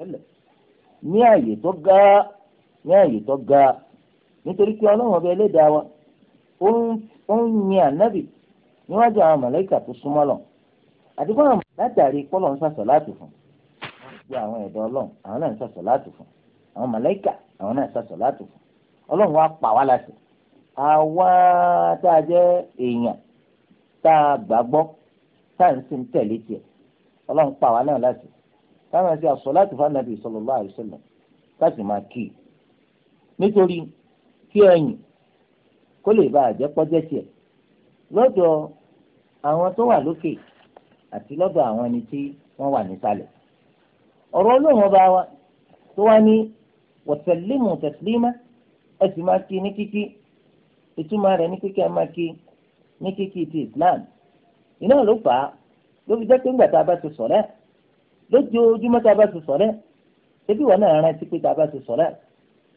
wasallam ní àyè tó ga ní àyè tó ga nítorí pé ọlọ́run ọba ẹlẹ́dàá wa ó ń yin ànábì níwájú àwọn màláíkà tó súnmọ́ lọ àdìgbò àwọn látàrí pọ́lọ̀ ń sàṣọ láti fún gbogbo àwọn ẹ̀dọ́ ọlọ́run àwọn náà ń sàṣọ láti fún àwọn màláíkà àwọn náà ń sàṣọ láti fún ọlọ́run wa pa wá láṣẹ àwa tá a jẹ́ èèyàn tá a gbàgbọ́ tá à ń sìn tẹ̀lé tiẹ̀ ọlọ́run pa wá náà láṣẹ káwọn ṣe àsọláàtì fànàbì sallallahu alaihi wasallam káàsì máa kì í nítorí kí ẹ̀yìn kó lè bá àjẹ́ pọ́jẹ́ tiẹ̀ lọ́dọ̀ àwọn tó wà lókè àti lọ́dọ̀ àwọn ẹni tí wọ́n wà nísàlẹ̀ ọ̀rọ̀ Ọlọ́run ọba wa tó wá ní wọ̀tẹ̀límù tẹ̀sílímà ẹ sì máa kí ní kíkí ìtumọ̀ rẹ̀ ní kíkí ẹ máa kí ní kíkí ti Islam iná ló fà á ló fi jẹ́ pé ńgbà tá a bá ti sọ̀rẹ́ lójoojúmọ́ tá a bá ti sọ̀rẹ́ ṣébí wọn náà rántí pé tá a bá ti sọ̀rẹ́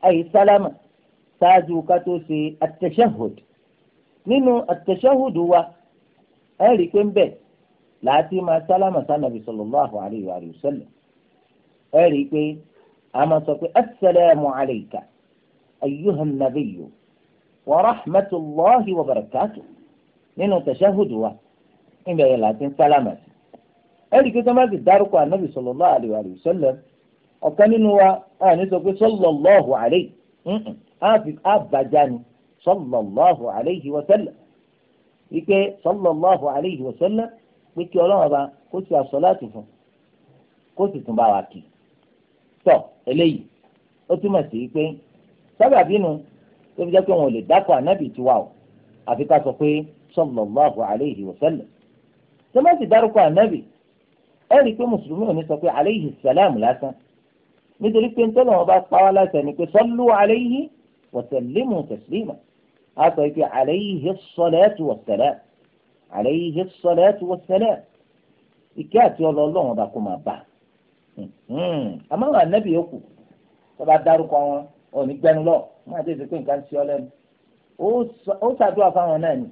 àyè sálámà ṣáájú ká tó ṣe àtẹ̀ṣẹ́hùd nínú àtẹ̀ṣẹ́hùd wa ẹ rí i pé ń bẹ̀ láti máa sálámà sánàbì sallallahu alayhi wa sallam ẹ rí i pé a máa sọ pé assalamu alayka ayyuhan nabiyyu wa rahmatullahi wa barakatuh nínú àtẹ̀ṣẹ́hùd wa ń bẹ̀rẹ̀ láti sálámà sí ẹ̀rí pé sọ́mà ti dárúkọ ànábì sallallahu alaihi wa sallam ọ̀kan nínú wa àní sọ pé sallallahu alaihi àbájá ni sallallahu alaihi wa sallam wípé sallallahu alaihi wa sallam pé kí ọlọ́run ọba kó sì àsọ̀láàtì fún kó sì tún bá wa kì í tọ́ eléyìí ó túmọ̀ sí pé sábàbí nu tó fi jẹ́ pé wọn ò lè dákọ̀ ànábì tiwa o àfi ká sọ pé sallallahu alaihi wa sallam tó má dárúkọ ànábì ẹ rí i pé mùsùlùmí ò ní sọ pé aleyhi sàlámù lásán nítorí pé ntọ́lọ́ wọn bá pa wá láṣẹ ni pé sọ́lú aleyhi wọ̀sẹ̀lẹ́mù tẹ̀sílímà á sọ pé aleyhi sọ́lẹ́tù wọ̀sẹ̀lẹ́ aleyhi sọ́lẹ́tù wọ̀sẹ̀lẹ́ ìkẹ́ àti ọlọ́ọ̀lọ́wọ́n bá kó máa bá hmm. àmọ́ àwọn anábì yòókù tó bá dárúkọ wọn ò ní gbẹnu lọ wọn àti èsì nǹkan ti ọ lẹ́nu ó ṣàdúrà fáwọn náà ni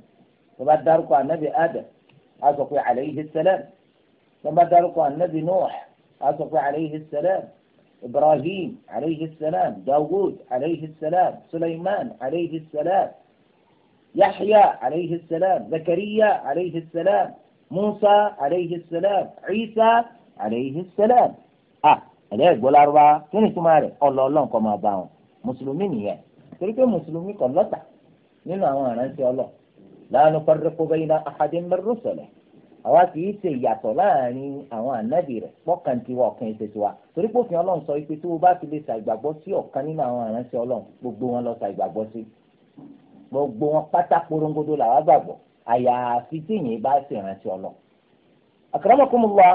tó bá dárúkọ anábì Adam á sọ pé aleyhi sẹlẹ́mù وما ذلك عن نبي نوح أصف عليه السلام إبراهيم عليه السلام داود عليه السلام سليمان عليه السلام يحيى عليه السلام زكريا عليه السلام موسى عليه السلام عيسى عليه السلام آه ألا يقول أربعة كن يسمع الله الله كما باهم مسلمين يا تلك مسلمين كلها نحن أنا الله لا نفرق بين أحد من رسله àwa kì í ṣe ìyàtọ̀ láàrin àwọn ànábì rẹ̀ pọ́kàn tiwa ọ̀kan ẹ̀ṣẹ̀ tiwa torí pòfin ọlọ́run sọ pé tí wọ́n bá fi lè ṣàìgbàgbọ́ sí ọ̀kan nínú àwọn aránṣẹ́ ọlọ́run gbogbo wọn lọ ṣàìgbàgbọ́ sí gbogbo wọn pátá porongodo làwa gbàgbọ́ àyàfi tí yìnyín bá ṣe ìránṣẹ́ ọlọ́run. akramakumullah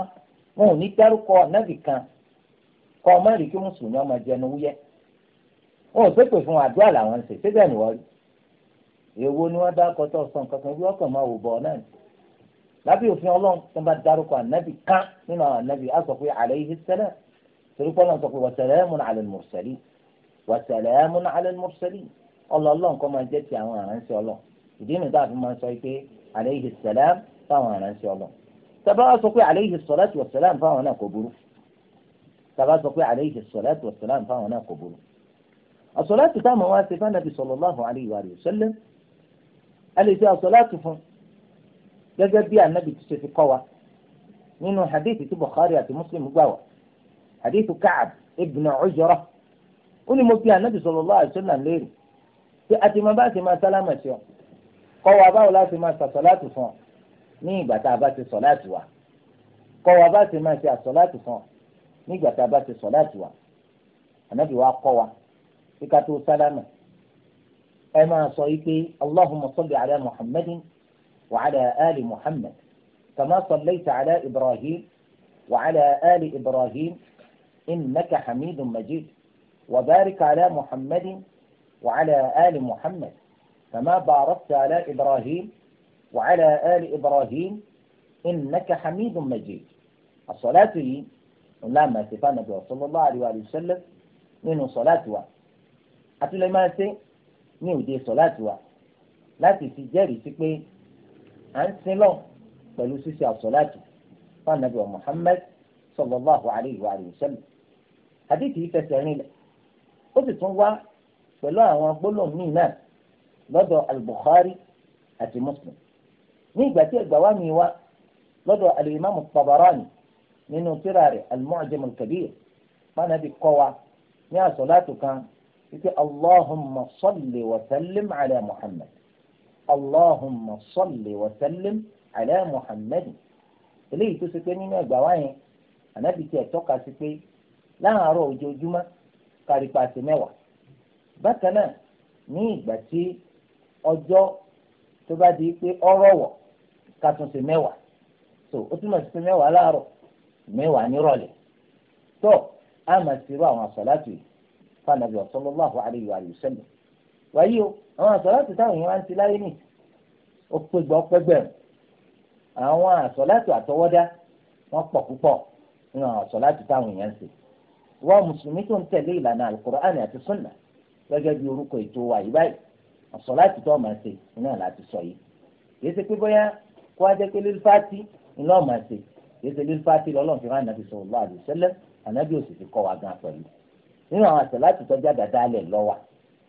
wọn ò ní dárúkọ ànábì kan kọ ọmọ rí kí mùsùlùmí ọmọ jẹnu wúyẹ́ wọn ò ṣépè fún àdúrà làwọn ń ṣe ṣé bẹ́ẹ̀ ni wọ́n rí èwo ni wọ́n dá kọ́tọ̀ sọ nǹkan kan bí wọ́n kàn máa wò bọ̀ náà lábẹ́ òfin ọlọ́run tó bá dárúkọ ànábì kan nínú àwọn ànábì á sọ pé alayhi salam torí pé ọlọ́run sọ pé wa salamun ala al-mursalin wa salamun ala al-mursalin ọlọ́ọ̀lọ́run kọ́ máa jẹ́ ti àwọn àránṣẹ́ ọlọ́run ìdí nìyí tá a fi máa sọ pé alayhi salam fáwọn àránṣẹ́ ọlọ́run tàbá wá sọ pé alayhi salatu wa salam fáwọn náà kò burú tàbá sọ pé alayhi salatu wa salam fáwọn náà kò burú gẹ́gẹ́ bí anabi ti ṣe fi kọ́ wa nínú hadith tí bukhari àti muslim gbà wá hadith ka'ab ibn ujra ó ní mo bi anabi sallallahu alaihi wasallam léèrè pé àti máa bá ti máa sálámà sí ọ kọ́ wa báwo láti máa sàṣọláàtì fún ọ ní ìgbà tá a bá ti sọláàtì wa kọ́ wa bá ti máa ṣe àṣọláàtì fún ọ ní ìgbà tá a bá ti sọláàtì wa anabi wa kọ́ wa kí tó sálámà ẹ máa sọ yìí pé allahumma salli ala muhammadin. وعلى آل محمد كما صليت على إبراهيم وعلى آل إبراهيم إنك حميد مجيد وبارك على محمد وعلى آل محمد كما باركت على إبراهيم وعلى آل إبراهيم إنك حميد مجيد الصلاة لي لما استفانا بها صلى الله عليه وآله وسلم من صلاتها ما سي من دي صلاتها لا تسجاري سكبي à ń sin lọ pẹ̀lú ṣíṣe àsọ̀láàtì fún anabi wa muhammed sallallahu alayhi wa sallam hadithi yìí fẹsẹ̀ rinlẹ̀ ó sì tún wá pẹ̀lú àwọn gbólóhùn míì náà lọ́dọ̀ al-bukhari àti muslim ní ìgbà tí ẹgbàá wa mi wá lọ́dọ̀ al-imam tabarani nínú tírà rẹ̀ al-mu'jam al-kabir mánàbí kọ́ wa ní àsọ̀láàtì kan wípé allahumma salli wa sallim ala muhammad allahumma salli wa sallim ala muhammad eléyìí tó ṣe pé nínú ẹgbàá wa yẹn ànábì tiẹ̀ tọ́ka sí pé láàárọ̀ ojoojúmọ́ kárípa sí mẹ́wàá bákan náà ní ìgbà tí ọjọ́ tó bá di pé ọ̀rọ̀ wọ̀ ká tún sí mẹ́wàá so ó túmọ̀ sí pé mẹ́wàá láàárọ̀ mẹ́wàá nírọ̀lẹ́ tó a máa ṣírò àwọn àṣàlátù yìí fún ànábì sallallahu alayhi wa sallam wáyé o àwọn àsọ̀láàtì táwọn èèyàn wá ń ti láyé nì ó pé gbọ́ pẹ́gbẹ̀rún àwọn àsọ̀láàtì àtọwọ́dá wọ́n pọ̀ púpọ̀ nínú àwọn àsọ̀láàtì táwọn èèyàn ń ṣe wọ́n mùsùlùmí tó ń tẹ̀lé ìlànà alukur'ani àti sunna gẹ́gẹ́ bí orúkọ ètò wa yìí báyìí àsọ̀láàtì tó máa ṣe iná láti sọ yìí kì í ṣe pé bóyá kó wá jẹ́ pé lílfàtì ńlá ọ̀ máa ṣe kì í ṣe lílfàtì lọ́lọ́run fi rán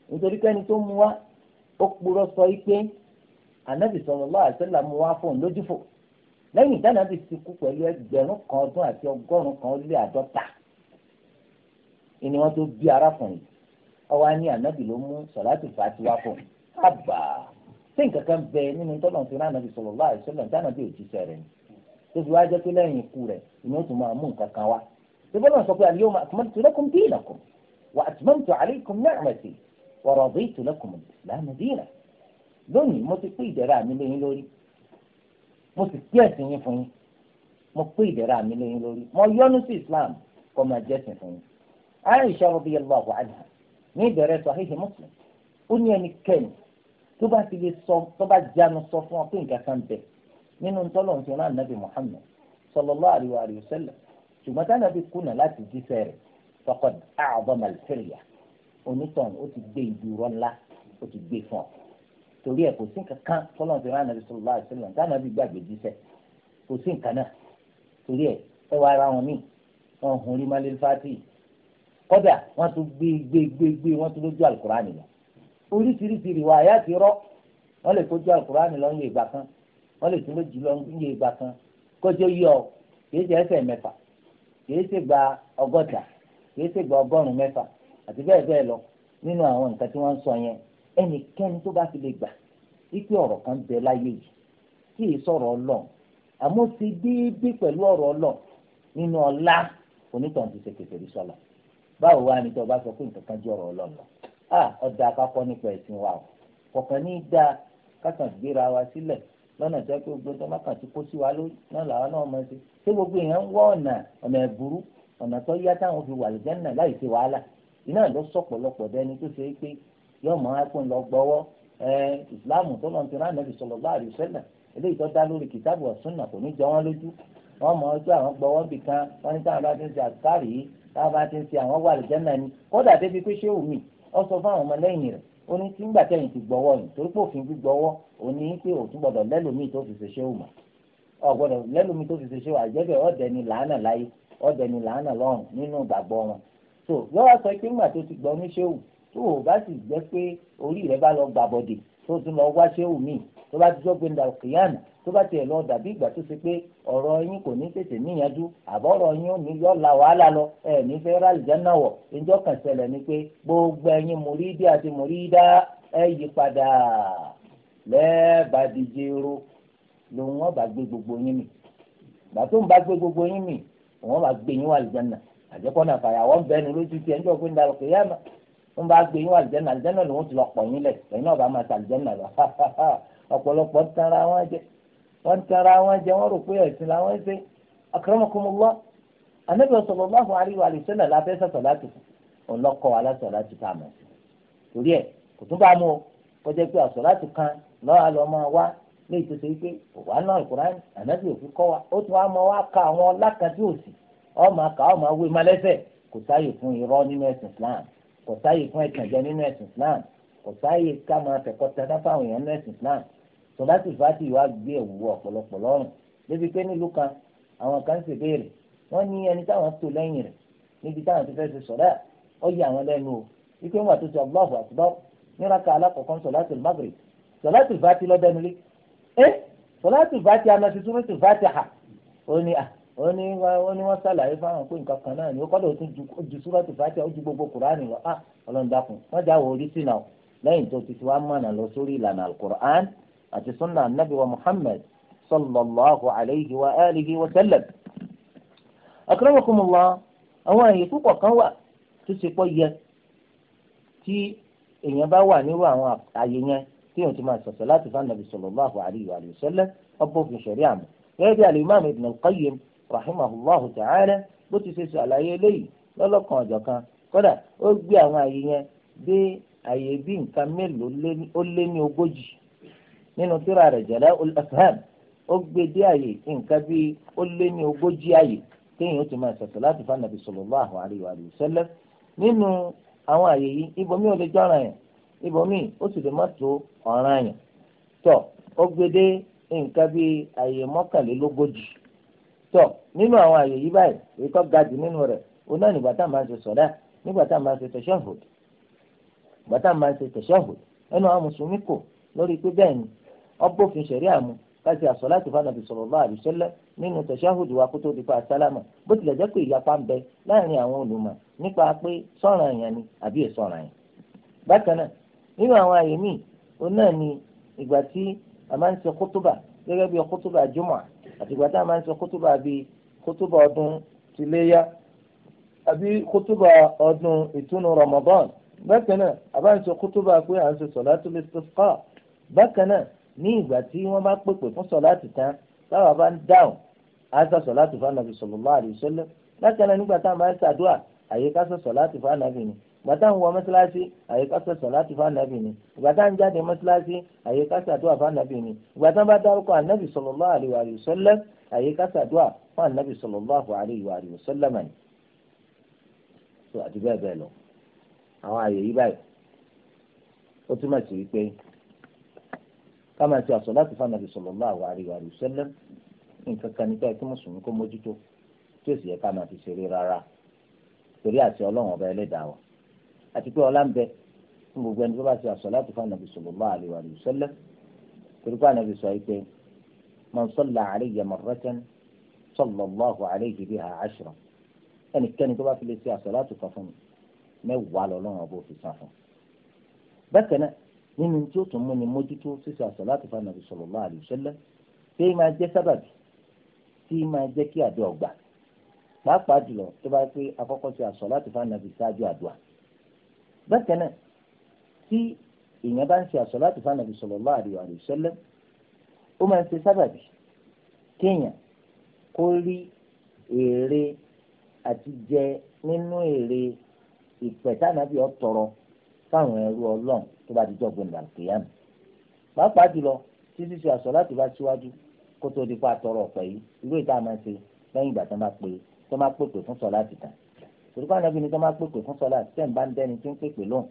nítorí pé ẹni tó mú wá ó purọ́ sọ yìí pé ànábì sallallahu alaihi wasallam mú wá fóun lójúfò lẹ́yìn tí ànábì ti kú pẹ̀lú ẹgbẹ̀rún kan ọdún àti ọgọ́rùn kan ó lé àádọ́ta ìní wọn tó bí arákùnrin ọwọ́ á ní ànábì ló mú sọ̀láàtì fàtí wá fóun àbà tí nǹkan kan bẹ nínú tọ́lọ̀ tó náà ànábì sallallahu alaihi wasallam tí ànábì ò jíṣẹ́ rẹ̀ ni tó fi wá jẹ́ pé lẹ́yìn ikú rẹ̀ ìní ó tún máa mú nǹkan kan wá ṣé bọ́lá sọ pé al wa raditu lakum al-islam dinan lónìí mo ti pé ìdẹ̀ra mi lẹ́yìn lórí mo sì pé ẹ̀sìn yín fún yín mo pé ìdẹ̀ra mi lẹ́yìn lórí mo yọ́nú sí islam kó máa jẹ́sìn fún yín. aisha radiyallahu anha ní ìbẹ̀rẹ̀ sahihi muslim ó ní ẹnikẹ́ni tó bá ti lè sọ tó bá jánu sọ fún ọ pé nǹkan kan bẹ̀ nínú ntọ́lọ́hún ti rán anabi muhammed sallallahu alaihi wa sallam onítàn ó ti gbé ìdúró ńlá ó ti gbé fún ọ torí ẹ kò sí nǹkan kan tọ́lọ́n ti rán ànábi sọ̀rọ̀ láti sẹ́lẹ̀ dáná bí gbàgbé jíṣẹ́ kò sí nǹkan náà torí ẹ ẹ wá ara wọn míì wọn hùn rí malé fati kọ́dà wọ́n tún gbé gbé gbé gbé wọ́n tún lójú alukurani lọ oríṣiríṣi ìwà àyà ti rọ́ wọ́n lè kójú alukurani lọ ń yé ìgbà kan wọ́n lè tún lójú lọ ń yé ìgbà kan kójú yọ kìí ṣe ẹsẹ̀ mẹ́fà kìí ṣe gba ọgọ́ta kìí ṣe gba ọgọ́rùn-ún àti bẹ́ẹ̀ bẹ́ẹ̀ lọ nínú àwọn nǹkan tí wọ́n ń sọ yẹn ẹnikẹ́ni tó bá fi lè gbà wípé ọ̀rọ̀ kan bẹ láyé yìí kí èyí sọ̀rọ̀ ọlọ́run àmọ́ ti déédéé pẹ̀lú ọ̀rọ̀ ọlọ́run nínú ọlá onítàn ti ṣèkèsè rí sọ́la báwo wá ni tí ọba sọ pé nǹkan kan jẹ́ ọ̀rọ̀ ọlọ́run lọ à ọ̀dà akakọ nípa ẹ̀sìn wa o kọ̀ọ̀kan ní í da kákan gbéra wa sílẹ̀ lọ́nà tó yẹ pé gbogbo ọmọ kan ti kó sí wa lórí náà làwọn náà mọ̀ sí ṣé gbogbo èèyàn ń wọ iná ló sọ̀pọ̀lọpọ̀ dẹni tó ṣe é pé yóò mọ ẹkún lọ gbọ́wọ́ ẹ ìsìláàmù tó lọ́n ti rán Ànábì sallallahu alaihi wasallam eléyìí tó dá lórí kìtàbù wa sunna kò ní jọ wọ́n lójú wọ́n mọ̀ ọ́ pé àwọn gbọ́wọ́ bì kan wọ́n ní táwọn bá ti ń ṣe àkárì yìí táwọn bá ti ń ṣe àwọn wà lìjẹ́nà ni kódà débi pé ṣé òmì ọ sọ fún àwọn ọmọlẹ́yìn rẹ̀ ó ní tí ńgbà tẹ̀yìn ti gbọ́wọ́ yìí torí pé òfin gbígbọ́wọ́ ò ní pé òtún gbọ́dọ̀ lẹ́lòmíì tó fi ṣe ṣé òmà ọ̀gbọ́dọ̀ lẹ́lòmíì tó fi ṣe ṣé òmà àjẹ́bẹ̀ ọ̀dẹ̀ làánà láyé ọ̀dẹ̀ làánà lọ́rùn nínú ìgbàgbọ́ wọn so wọ́n wá sọ pé ńgbà tó ti gbọ́ ní ṣéwù tó o bá sì jẹ́ pé orí rẹ bá lọ gbàbọ̀dẹ̀ tó o tún lọ wá ṣéwù míì tó bá ti sọ pé ndàlù kìyàmù tó bá tiẹ̀ lọ dàbí ìgbà tó ṣe pé ọ̀rọ̀ yín kò ní tètè níyanjú àbọ̀ ọ̀rọ̀ yín ò ní yọ la wàhálà lọ ẹ ní fẹ́ rà lìjánà wọ̀ ẹjọ́ kan ṣẹlẹ̀ ni pé gbogbo ẹ̀yin mùrídì àti mùrídà ẹ yí padà lẹ́ẹ̀bàdìjẹ́rò lòun wọn bá gbé gbogbo yín mì gbà tó ń bá gbé gbogbo yín mì wọn bá gbé yín wà lìjánà àjẹkọ́nà fàyàwọ́ ń bẹnu lójú tí ẹjọ́ pé ń darọ̀ pé yá ń bá gbé yín wà àlùjẹ́nà àlùjẹ́nà ni wọ́n ti lọ pọ̀ yín lẹ̀ lẹ́yìn náà bá máa ta àlùjẹ́nà lọ ọ̀pọ̀lọpọ̀ ń tara wọn jẹ wọ́n ń tara wọn jẹ wọ́n rò pé ẹ̀sìn làwọn ń ṣe akramakumullah anabi sallallahu alaihi wa sallam láti ọlọ́kọ̀ alásọ̀ láti kan lọ́wọ́ lọ́ máa wá ní ìtòsí pé òwà náà ìkùrán ànábì òfin kọ́ wa ó tún wá ọmọ àkà ọmọ awé malẹ́sẹ̀ kò sáàyè fún irọ́ nínú ẹ̀sìn Islam kò sáàyè fún ẹ̀tànjẹ nínú ẹ̀sìn Islam kò sáàyè ká máa fẹ̀kọ́ tẹ́tà fáwọn èèyàn nínú ẹ̀sìn Islam sọláṣì fàtì wá gbé ẹ̀wù ọ̀pọ̀lọpọ̀ lọ́rùn débi pé nílùú kan àwọn kan sì béèrè wọ́n ní ẹni táwọn tó lẹ́yìn rẹ̀ níbi táwọn ti fẹ́ ṣe sọ̀rọ̀ ọ yẹ àwọn lẹ́nu o wípé wọn àti Allahu Akbar níraka alákọ̀ọ́kọ́ sọ̀láṣì Maghrib sọ̀láṣì fàtì lọ́dẹ́nulé ẹ́ sọ̀láṣì fàtì amẹ́tutù rẹ̀ sì fàtì hà ó ní à ah, wọ́n ní wọ́n ní wọ́n ṣàlàyé fáwọn pé nǹkan kan náà ni ó kọ́dọ̀ tún ju súrọ́tì fàtíà ó ju gbogbo kùránì lọ á ah, ọlọ́run dákun wọ́n já wọ orí sínú lẹ́yìn tó ti ti wá mọ̀nà lọ sórí ìlànà alukur'an àti sunna anabi wa muhammad sallallahu alayhi wa alihi wa sallam. akramakumullah àwọn àyè púpọ̀ kan wà tó ṣe pọ̀ yẹ tí èèyàn bá wà nírú àwọn àyè yẹn tí èèyàn ti máa sọ̀sọ̀ láti fún anabi sallallahu alayhi wa sallam ọ̀bọ̀fin rahimahullahu ta'ala bó ti ṣe àlàyé eléyìí lọ́lọ́kan ọ̀jọ̀kan kódà ó gbé àwọn àyè yẹn dé àyè bí nǹkan mélòó ó lé ní ogójì nínú tírà rẹ̀ jala'ul afham ó gbé dé àyè nǹkan bí ó lé ní ogójì àyè téèyàn ó ti máa nínú àwọn àyè yìí ò lè yẹn ó sì lè má tọ nínú àwọn àyè yìí báyìí èyí tó ga jù nínú rẹ̀ òun náà nígbà tá a máa ń ṣe sọ̀dá nígbà tá a máa ń ṣe tashahhud nígbà tá a máa ń ṣe tashahhud ẹnu àwọn mùsùlùmí kò lórí pé bẹ́ẹ̀ ni ọgbófin ṣẹ̀rí àmú káṣí àsọ̀láàtì fanabi sallallahu alaihi wasallam nínú tashahhud wa kó tó di pa àsálámà bó tilẹ̀ jẹ́ pé ìyapa ń bẹ láàrin àwọn olùmọ̀ nípa pé sọ̀ràn yẹn ni àbí ni ìgbà tí a máa ń ṣe kótóbà àtìgbà tá a máa ń sọ kótóbà bíi kótóbà ọdún ti léyà àbí kótóbà ọdún ìtúnu Ramadan bákan náà a bá ń sọ kótóbà pé à ń sọ sọ̀látù listisqa bákan náà ní ìgbà tí wọ́n bá pèpè fún sọ̀látì tán táwa bá ń dáhùn á sọ sọ̀látù fún anabi sallallahu alaihi wasallam bákan náà nígbà tá a máa ń ṣàdúà àyíká sọ sọ̀látù fún anabi ni gbàtà ń wọ mọ́ṣáláṣí àyíká sọ̀sọ̀ láti fa ànábì ni gbàtà ń jáde mọ́ṣáláṣí àyíká sàdúà fa ànábì ni gbàtà bá dárúkọ ànábì sallallahu alaihi wa sallam àyíká sàdúà fún ànábì sallallahu alaihi wa sallam mẹ́ni. tó àti bẹ́ẹ̀ bẹ́ẹ̀ lọ àwọn àyè yí báyìí ó túmọ̀ sí wípé ká máa ti àsọ̀ láti fa ànábì sallallahu alaihi wa sallam nǹkan kan nípa ẹ̀kí àti pé ọlá ń bẹ fún gbogbo ẹni tó bá ṣe àsàlátù fún ànàbì sallallahu alaihi wa sallam torí pé ànàbì sọ yìí pé man salla alayya marratan sallallahu alayhi biha ashra ẹnikẹ́ni tó bá fi lè ṣe àsàlátù kan fún mi mẹ́wàá lọ́lọ́run ọba òfin sá fún. bákan náà nínú tí ó tún mú ni mójútó ṣíṣe àsàlátù fún ànàbì sallallahu alaihi wa sallam tí máa jẹ́ sábàbí tí máa jẹ́ kí àdúrà gbà pàápàá jùlọ tó bá pé akọ́kọ́ ṣe àsàlátù fún ànàbì ṣáájú àdúrà bákan náà tí èèyàn bá ń ṣe àsọ̀láàtì fún ànàbì sallallahu alaihi wa sallam ó máa ń ṣe sábàbí kéèyàn kó rí èrè àti jẹ nínú èrè ìpẹ̀tànàbí ọ̀tọ̀rọ̀ fáwọn ẹrú ọlọ́run tó bá dijọ́ gbẹ̀ndà kéyàmù pàápàá jùlọ títí ṣe àsọ̀láàtì bá síwájú kó tó di pa àtọrọ ọ̀pẹ yìí irú ìta máa ń ṣe lẹ́yìn ìgbà tó máa pè tó máa pèpè fún sọ̀láàtì tán torí báwọn ẹbí tó máa pèpè fún sọlá tí ẹn bá ń dẹ́ni tí ń pèpè lóhùn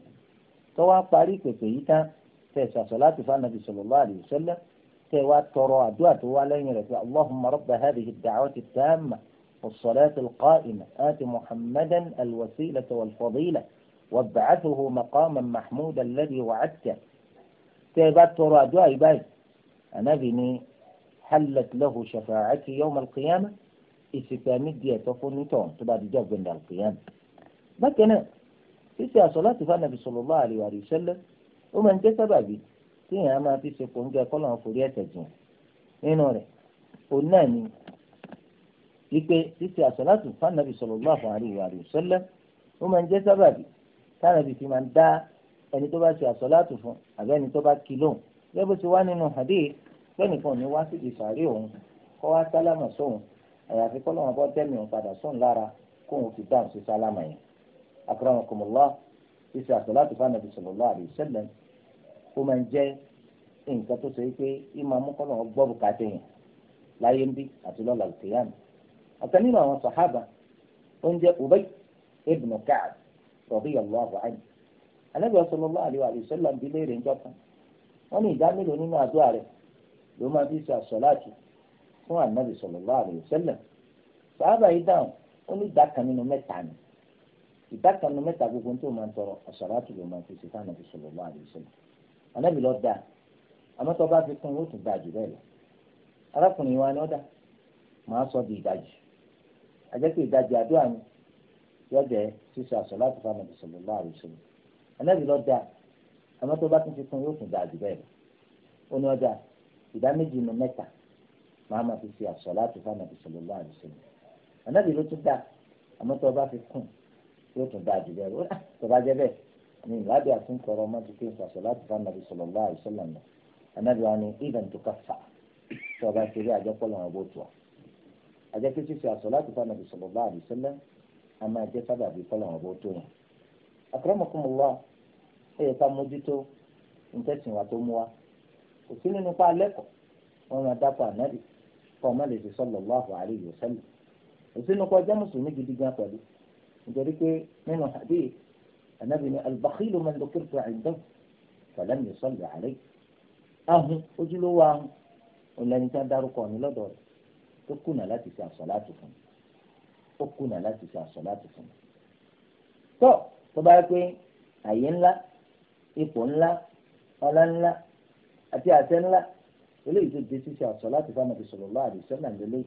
tó wá parí pèpè yìí tán tẹ̀ ẹ sàṣọ láti fún anabi lọ àdìyẹ wasallam tẹ̀ ẹ wá tọrọ àdúrà tó wá lẹ́yìn rẹ̀ pé allahumma rabba hadhihi ad-da'wati at-tamma wà والصلاه القائمة آت محمدا الوسيلة والفضيلة وابعثه مقاما محمودا الذي وعدته تيبات ترى دعاء باي أنا بني حلت له شفاعتي يوم alqiyama. ìsìnkú àmì di ẹ̀tọ́ fún nítọ̀ tó bá di jọ́gbìn dàgbéyàn. bákan náà ṣíṣe àṣọ láti fa nàbì sallallahu alaihi wa sallam ó máa ń jẹ́ sábàbí tí èèyàn máa fi ṣe kóńjẹ kọ́lọ̀ forí ẹ̀ṣẹ̀ jìn nínú rẹ̀ òun náà ni wípé ṣíṣe àṣọ láti fa nàbì sallallahu alaihi wa sallam ó máa ń jẹ́ sábàbí tánàbì fi máa ń dá ẹni tó bá ṣe àṣọ láti fún àbẹ́ ẹni tó bá kí lóhùn gẹ́gẹ́ bó ti wá nínú hadith pẹ́nìkan ò ní wá síbi sàárè òun kọ́ wá sálámà sóhun àyàfi kọ́ lọ́wọ́n bọ́ tẹ́mi òun padà sóun lára kó òun fi dáhùn sí sálámà yẹn akramakumullah ṣíṣe àsàlátù fánàbí sallallahu alaihi wasallam ó máa ń jẹ́ nǹkan tó ṣe é pé ìmọ̀ amúkọ́lọ́ gbọ́ bùkátà yẹn láyé ń bí àti lọ́la al-qiyam ọ̀kan nínú àwọn sàhábà ó ń jẹ́ Ubay ibn Ka'b radiyallahu anhu Ànábì sallallahu alaihi wasallam bí léèrè fún anabi sallallahu alaihi wasallam sàhábà yìí dáhùn ó ní ìdá kan nínú mẹ́ta ni ìdá kan nínú mẹ́ta gbogbo tó máa ń tọrọ as-salatu ló máa ń fi ṣe fún anabi sallallahu alaihi wasallam anabi lọ dáa àmọ́ tó bá fi kún yóò tún dáa jù bẹ́ẹ̀ lọ arákùnrin wa ni ó dá màá sọ di ìdajì àjẹpẹ́ ìdajì àdúrà ni yọjẹ ṣíṣe as-salatu fún anabi sallallahu alaihi wasallam anabi lọ dáa àmọ́ bá fi kún yóò tún dáa jù bẹ́ẹ̀ lọ ó ní ọjà ìdá méjì nínú mẹ́ta màá máa fi ṣe àsàlátù fún ànàbì sallallahu alaihi wasallam ànàbì ló tún dà àmọ́ tó o bá fi kùn yóò tún dáa jù bẹ́ẹ̀ lọ ah, tó bá jẹ́ bẹ́ẹ̀ ni ìwádìí àtúnkọ̀rọ̀ ọmọ ti pé àsàlátù fún ànàbì sallallahu alaihi wasallam lọ ànàbì wa ni even tó kàfà tó o bá ṣe rí àjẹpọ̀ lọ́wọ́ bó tu ọ àjẹpẹ́ ti ṣe àsàlátù fún ànàbì sallallahu alaihi wasallam a máa jẹ́ sábàbí kọ́lọ́wọ́ bó tó yẹn akramakumullah ó yẹ ká mójútó ntẹ́sìn wa tó mú wa kò kọ́ ọmọ lè ṣe sallallahu alayhi wa sallam òsínú kọ́ jẹ́ mùsùlùmí gidi gan pẹ̀lú nítorí pé nínú hadith anabi ni al-bakhilu man dhukirtu 'indahu falam yusalli alayhi ahun ojúlówó ahun ọ̀lànà tí a dárúkọ ní lọ́dọ̀ rẹ̀ ó kùnà láti ṣe àsọ̀láàtì fún mi ó kùnà láti ṣe àsọ̀láàtì fún mi. tó tó bá yẹ pé àyè ńlá ipò ńlá ọlá ńlá àti àṣẹ ńlá eléyìí tó di ṣíṣe àṣọ láti fún àmọ̀tí sọ̀rọ̀ lọ́wọ́ àdìsọ́nà lélẹ́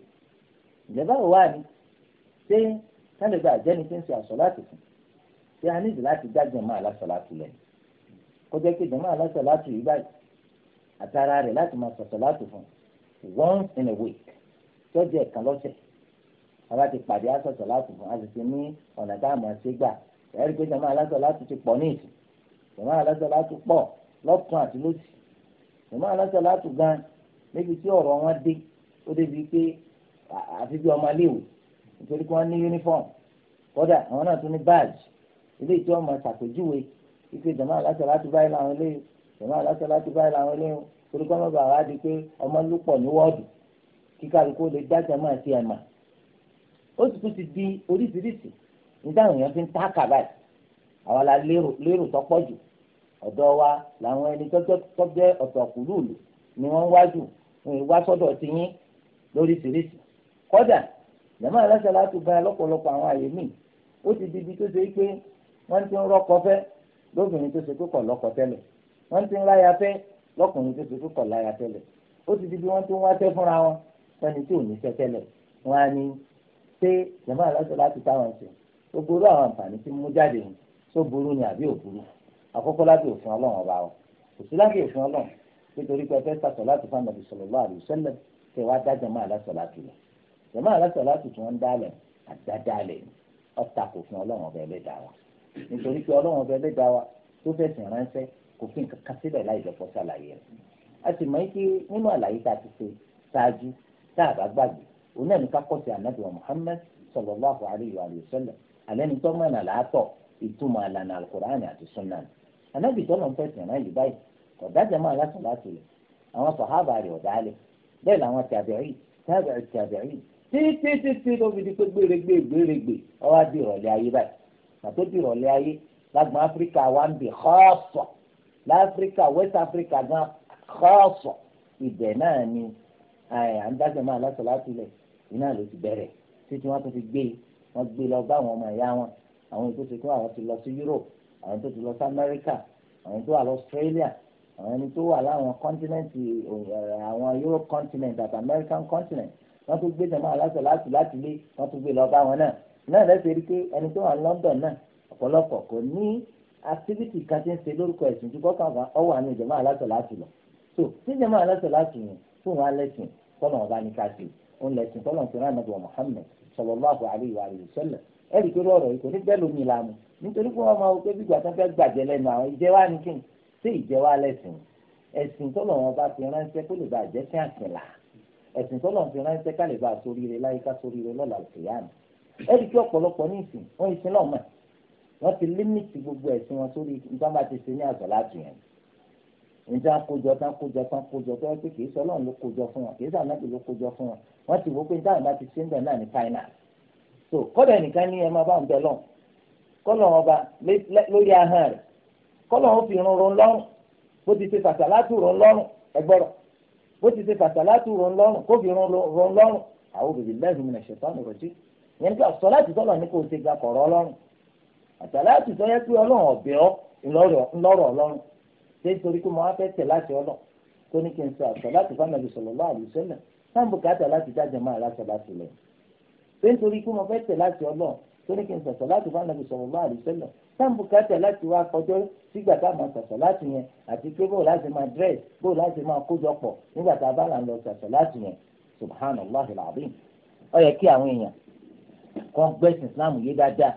ìjẹ́ báwo wá ni ṣé sálẹ̀gbà àjẹni tí ń ṣe àṣọ láti fún ṣé a nídìí láti dá jẹ̀mọ́ aláṣọ láti lẹ̀ kọjá pé jẹ̀mọ́ aláṣọ láti rí báyìí àtàrà rẹ̀ láti máa sọ̀tọ̀ láti fún once in a week tọ́jú ẹ̀kan lọ́sẹ̀ àwa ti pàdé aṣọ̀tọ̀ láti fún a sì ti ní ọ̀nà táwọn máa ṣe gbà ẹ̀rí pé jẹ̀mọ́ aláṣọ láti ti pọ̀ jàmá aláṣà látù gan níbi tí ọ̀rọ̀ wọn dé ó débi pé àfi bí ọmọ aléwò nítorí pé wọ́n ní uniform kódà àwọn náà tún ní badge ilé ìtọ́ ọmọ ṣàpèjúwe wípé jàmá aláṣà látù báyìí làwọn eléyìí jàmá aláṣà látù báyìí làwọn eléyìí torí pé ọmọ bàbá di pé ọmọ ló pọ̀ ní wọ́ọ̀dù kíkàlùkù lè dá jàmá àti ẹ̀mà ó sì tún ti di oríṣiríṣi nígbà àwọn èèyàn fi ń tá àkàbà yìí àwọn la lérò lérò tọ́pọ̀ jù ọ̀dọ̀ wa làwọn ẹni tó jẹ́ ọ̀tọ̀kùlùlù ni wọ́n wájú wọn ìwá sọ́dọ̀ ti yín lóríṣiríṣi kódà jàmáà aláṣẹ láti gan lọ́pọ̀lọpọ̀ àwọn àyè míì ó ti di ibi tó ṣe pé wọ́n ti ń rọ́kọ fẹ́ lóbìnrin tó ṣe pé kọ̀ lọ́kọ tẹ́lẹ̀ wọ́n ti ń láya fẹ́ lọ́kùnrin tó ṣe pé kọ̀ láya tẹ́lẹ̀ ó ti di ibi wọ́n ti ń wáṣẹ́ fúnra wọn fẹ́ni tí ò ní ṣẹ́ tẹ́lẹ̀ wọn á ní ṣé jàmáà aláṣẹ láti táwọn ṣe gbogbo àwọn àǹfààní tí mo jáde yìí tó ni àbí ò àkọ́kọ́ láti òfin ọlọ́run ọba o kò sí láti òfin ọlọ́run nítorí pé ẹfẹ́ sàtọ̀ láti fún ànàbì sallallahu alaihi wasallam kẹ wá dá jàmáà aláṣọ láti lọ jàmáà aláṣọ láti tún wọn dálẹ̀ àdádálẹ̀ ọ̀tà kò fún ọlọ́run ọba ẹlẹ́dàá wa nítorí pé ọlọ́run ọba ẹlẹ́dàá wa tó fẹ̀sìn ránṣẹ́ kò fi nǹkan kan sílẹ̀ láì lọ́pọ̀ sàlàyé rẹ̀ a sì mọ̀ ike nínú àlàyé tá a ti ṣe ṣáájú tá a bá gbàgbé òun náà ní ká kọ́ sí ànábì wa Muhammad sallallahu alaihi wa sallam alẹ́ ní anábì tọ́lọ̀ ń fẹ̀sìn náà yìí báyìí kò dájàmá aláṣọ láti rẹ̀ àwọn sọ̀hábà rẹ̀ ọ̀dàálẹ̀ bẹ́ẹ̀ làwọn tàbẹ̀rì tàbẹ̀rì tàbẹ̀rì títítítí ló fi di pé gbèrègbè gbèrègbè ọwọ́ di ìrọ̀lẹ́ ayé báyìí pàtó di ìrọ̀lẹ́ ayé lágbọn áfíríkà wa ń bì xọ́ọ̀sọ̀ láfíríkà west africa gan xọ́ọ̀sọ̀ ibẹ̀ náà ni à ń dájàmá aláṣọ láti rẹ̀ iná ló ti bẹ̀rẹ̀ títí wọ́n tún fi gbé wọ́n gbé lọ bá àwọn ọmọ ìyá àwọn tó ti lọ sí amẹ́ríkà àwọn tó wà lọ australia àwọn ẹni tó wà láwọn kọ́ńtínẹ́ǹtì eh, àwọn europe continent àti american continent wọ́n tó gbé jẹ̀mọ́ aláṣọ láti láti lé wọ́n tó gbé lọ bá wọn náà náà lẹ́sẹ̀ rí pé ẹni tó wà london náà ọ̀pọ̀lọpọ̀ kò ní activity kan ti ń ṣe lórúkọ ẹ̀sìn ju kọ́kàn kan ọwọ́ àmì ìjẹ̀mọ́ aláṣọ láti lọ so tí ìjẹ̀mọ́ aláṣọ láti yẹn fún wọn alẹ́sìn tọ́nà ọba ní ká ṣe òun lẹ́sìn tọ́nà ti rán ànábì Muhammad sallallahu alaihi wa sallam ẹ̀rí pé lọ́rọ̀ yìí nítorí pé wọ́n máa wọ pé bí gbàtàn fẹ́ gbàjẹ́ lẹ́nu àwọn ìjẹ́wá ni kí n ṣe ìjẹ́wá lẹ́sìn ẹ̀sìn tọ́lọ̀ wọn bá fi ránṣẹ́ kó lè bá jẹ́ sí àkìlà ẹ̀sìn tọ́lọ̀ fi ránṣẹ́ ká lè bá sóríire láyé ká sóríire lọ́la òkèèyàmù ẹ̀rí kí ọ̀pọ̀lọpọ̀ ní ìsìn wọ́n ìsìn náà mọ̀ wọ́n ti límìtì gbogbo ẹ̀sìn wọn sórí nígbà máa ti ṣe ní àgbà láti yẹn níta kójọ tán kójọ tán kójọ tó yẹ pé kì í sọ Ọlọ́run ló kójọ fún wọn kì í sàmẹ́tì ló kójọ fún wọn wọ́n ti wọ́n pé táwọn bá ti ṣe ń bẹ̀ náà ní fáínà so kọ́dà nìkan ní ẹ máa bá ń bẹ lọ́hùn kọ́nà ọba lórí ahọ́n rẹ̀ kọ́nà ó fi rún rún lọ́rùn bó ti ṣe fàṣàlátù rún lọ́rùn ẹgbọ́rọ̀ bó ti ṣe fàṣàlátù rún lọ́rùn kó fi rún rún lọ́rùn àwọn òbí lẹ́yìn mi nàṣẹ fáwọn ọ̀rọ̀ jí yẹn nípa sọláàtì tọ́lọ̀ ní kò ṣe gba kọ̀rọ̀ ọlọ́run àtàláàtì tọ́ yẹ pé ọlọ́run ọ̀bẹ ọ ńlọrọ̀ ọlọ́run ṣé torí pé mo wá fẹ́ tẹ̀ láti ọlọ́ tó ní kí n sọ àtàláàtì fámẹ́lì sọ̀rọ̀ lọ́wọ́ àlùsẹ́lẹ̀ sáà bùkátà láti dájọ́ máa láṣọ láti lẹ̀ ṣé torí pé mo fẹ́ tẹ̀ láti ọlọ́run torí kí n sọ̀sọ̀ láti fún anabi sallallahu alaihi wasallam táwọn bùkátà láti wá kọjọ́ sígbà táwọn sọ̀sọ̀ láti yẹn àti pé bóò láti máa dírẹ́sì bóò láti máa kójọ pọ̀ nígbà tá a bá làn lọ sọ̀sọ̀ láti yẹn subhanallahi alazim ó yẹ kí àwọn èèyàn kọ́ gbẹ́sìn islam yé dáadáa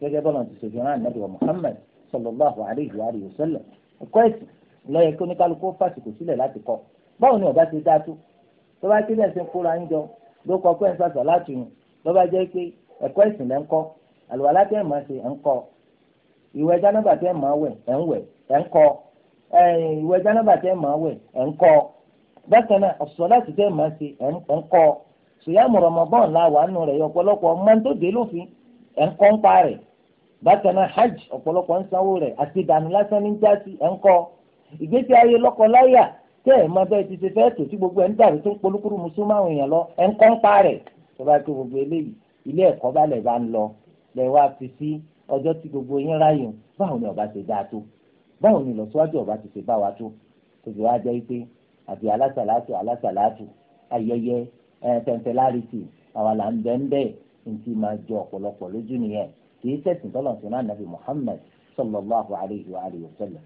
gẹ́gẹ́ bọ́lá ti sọ̀rọ̀ hàn nàbì wa muhammad sallallahu alayhi wa sallam ẹ̀kọ́ ẹ̀sìn ló yẹ kí oníkálukú fàṣìkò sílẹ̀ láti kọ́ báwo ni ọ̀gá ti dáa tó tó bá kí lẹ́sìn kóra ń jọ ló kọ́ pé ń sàṣọ láti yùn ló bá jẹ́ pé ẹ̀kọ́ ẹ̀sìn lẹ́ ń kọ́ àlùwàlá se enkọ máa ṣe ẹ̀ ń kọ́ ìwẹ̀ enkọ tẹ́ ẹ̀ máa wẹ̀ ẹ̀ ń wẹ̀ ẹ̀ ń kọ́ ìwẹ̀ jánábà tẹ́ ẹ̀ máa wẹ̀ ẹ̀ ń kọ́ bákan náà ọ̀sọ̀láàtì tẹ́ ẹ̀ máa ṣe enkọ ń kọ́ sùyàmù na hajj ọ̀pọ̀lọpọ̀ ń sanwó rẹ̀ àti ìdànù lásán ní jásí ń ìgbésí ayé lọ́kọláyà tẹ́ máa gbogbo ń tó ń polúkúrú ilé ẹ̀kọ́ balẹ̀ bá ń lọ lẹ wá fi sí ọjọ́ tí gbogbo yín ráyùn báwo ni ọba ṣe dáa tó báwo ni ìlọsíwájú ọba ti ṣe bá wa tó tòbí wá jẹ́ pé àbí alásàlátù alásàlátù ayẹyẹ tẹ̀ǹtẹ̀láàrìtì àwa là ń bẹ́ ń bẹ́ ntí máa jọ ọ̀pọ̀lọpọ̀ lójú nìyẹn kì í sẹ̀sìn tọ́lọ̀ sí náà nàbì Muhammad sallallahu alayhi wa alihi wa sallam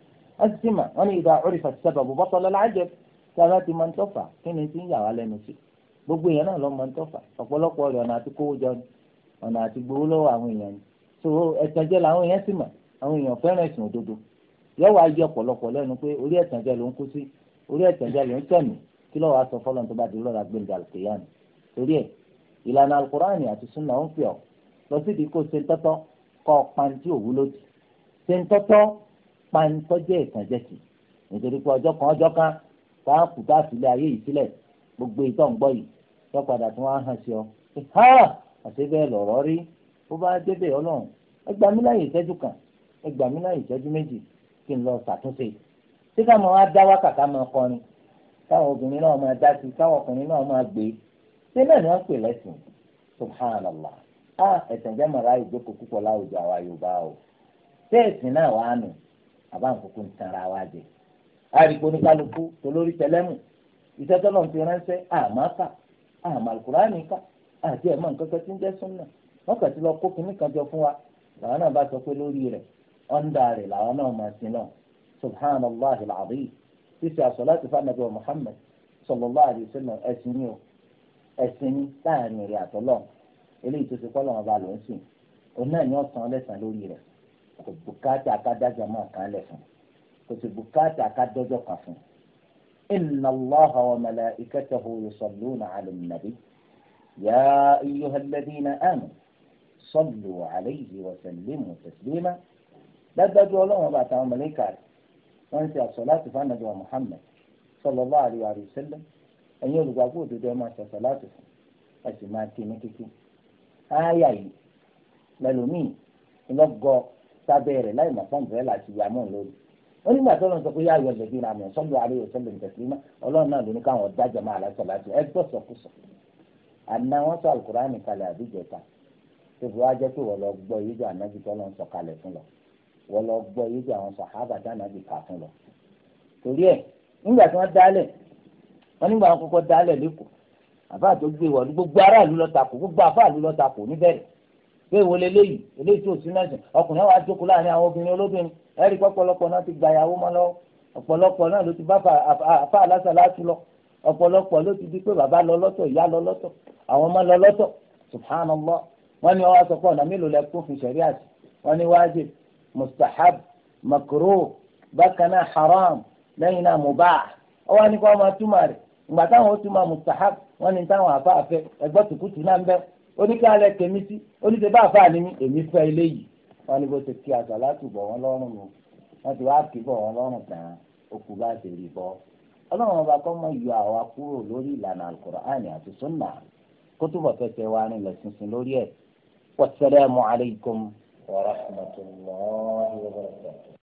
wọ́n gbogbo èèyàn náà lọ́mọ ń tọ́fà ọ̀pọ̀lọpọ̀ rẹ̀ ọ̀nà àti kówó jọ ni ọ̀nà àti gbowó lọ́wọ́ àwọn èèyàn ni so ẹ̀tànjẹ làwọn èèyàn sì mọ̀ àwọn èèyàn fẹ́ràn ẹ̀sìn òdodo yọ̀wọ̀ ayé ọ̀pọ̀lọpọ̀ lẹ́nu pé orí ẹ̀tànjẹ ló ń kú sí orí ẹ̀tànjẹ ló ń tẹ̀mí kí lọ́wọ́ aṣọ fọlọ́n tó bá di lọ́la gbẹ̀ngà àlùkìyàní torí ẹ̀ ìlànà alukurani àti sunna ń fi ọ́ lọ sí di kó sentọ́tọ́ kọ́ pantí kan ọjọ́ kan táàkù táàfilẹ̀ ayé yìí sílẹ̀ gbogbo ìtọ́ ń gbọ́ yìí wọ́n padà tún wá hàn sí ọ ha àti bẹ́ẹ̀ lọ̀rọ̀ rí bó bá débẹ̀ ọlọ́run ẹ gbà mí láyè ìṣẹ́jú kan ẹ gbà mí láyè ìṣẹ́jú méjì kí n lọ ṣàtúnṣe ṣé ká máa dá wákàtá máa kọrin táwọn obìnrin náà máa dá sí táwọn ọkùnrin náà máa gbé ṣé náà ni wọ́n pè lẹ́sìn subhanallah a ẹ̀sìn jẹ́ màrá ìjókòó púpọ̀ láwùjọ àwa yorùbá o ṣé ẹ̀sìn náà wàá nù àbá nǹkan ń tanra wa jẹ àrígbónikálukú tolórí tẹlẹ́mù ìṣẹ́jọ́ náà ti ránṣẹ́ àmọ́ kà àmọ́ alukur'an nìkan àti ẹ̀mọ́ nǹkan kan tí ń jẹ́ súnà wọ́n kàn ti lọ kó kinní kan jọ fún wa làwọn náà bá sọ pé lórí rẹ̀ ọ̀ndà rẹ̀ làwọn náà máa sin náà subhanallah al-azim ṣíṣe àṣọláṣí fanabi wa muhammad sallallahu alayhi wa sallam ẹ̀sìn ni o ẹ̀sìn ni láàrin rẹ̀ àtọ́lọ́ eléyìí tó ti kọ́ lọ́wọ́ bá ló sìn òun náà ni ọ̀sán lẹ́sàn lórí rẹ̀ kò bùkátà ká dájọ́ máa kan lẹ̀ fún kò sì bùkátà ká dọ́jọ́ kan fún إن الله وملائكته يصلون على النبي يا أيها الذين آمنوا صلوا عليه وسلموا تسليما dájú ọlọ́run ọba àtàwọn mọ̀lẹ́kà rẹ̀ wọ́n ń ṣe àsọ̀láàtì fún ànábì wa muhammed sallallahu alaihi wa sallam ẹ̀yin olùgbàgbọ́ òdodo ẹ̀ máa ṣàsọ̀láàtì fún ẹ̀ sì máa kí ní kíkí. ááyà yìí lẹ́lòmíì ńlọ́gọ́ sábẹ́ rẹ̀ láì mọ̀ pọ́ǹpẹ́ láti yàmú lórí wọ́n nígbà tó lọ́n sọ pé yá ayọ̀ lẹ́bí ra mọ̀ sọ́lù àríwọ̀ sọ́lù ìtẹ̀sílímà ọlọ́run náà ló ní káwọn dájọ́ máa lásán láti ẹ gbọ́ sọkúsọ. àná wọn sọ alukurani kalẹ̀ àbíjẹta tó fi wá jẹ́ pé wọ́n lọ gbọ́ yíjọ ànábì tó lọ́n sọ kalẹ̀ fún lọ wọ́n lọ gbọ́ yíjọ àwọn sàhábà dánábì kà fún lọ. torí ẹ nígbà tí wọ́n dálẹ̀ wọ́n nígbà wọn kọ́kọ́ pé ìwọlé léyìí eléyìí tó sínú ẹ̀sìn ọkùnrin wa jókòó láàrin àwọn obìnrin olóbìnrin ẹ̀rí pọ́pọ́lọpọ̀ náà ti gbàyàwó mọ́ lọ ọ̀pọ̀lọpọ̀ náà ló ti bá fa àlásà láti lọ ọ̀pọ̀lọpọ̀ ló ti di pé bàbá lọ lọ́tọ̀ ìyá lọ lọ́tọ̀ àwọn ọmọ lọ lọ́tọ̀ subhanallah wọ́n ní ọwọ́ sọpọ̀ ọ̀nà mélòó lẹ kún fún sẹ̀rí àti wọ́n ní wájib mustahab makruh bákan náà haram lẹ́yìn náà oníkàlẹ̀ tèmi sí oníṣẹ́ bá àfáà ní mi èmi fẹ́ ilé yìí wọ́n ní bó ti kí àṣà láti bọ̀ wọ́n lọ́rùn mu wọ́n ti wá kí bọ̀ wọ́n lọ́rùn tán okùn bá ti rí bọ́ ọlọ́run ọba kọ́ mọ́ yọ àwa kúrò lórí ìlànà alukur'ani àti sunna kó túbọ̀ fẹsẹ̀ wa rìn lọ sísun lórí ẹ̀ wassalamu alaykum wa rahmatullahi wa barakatuh.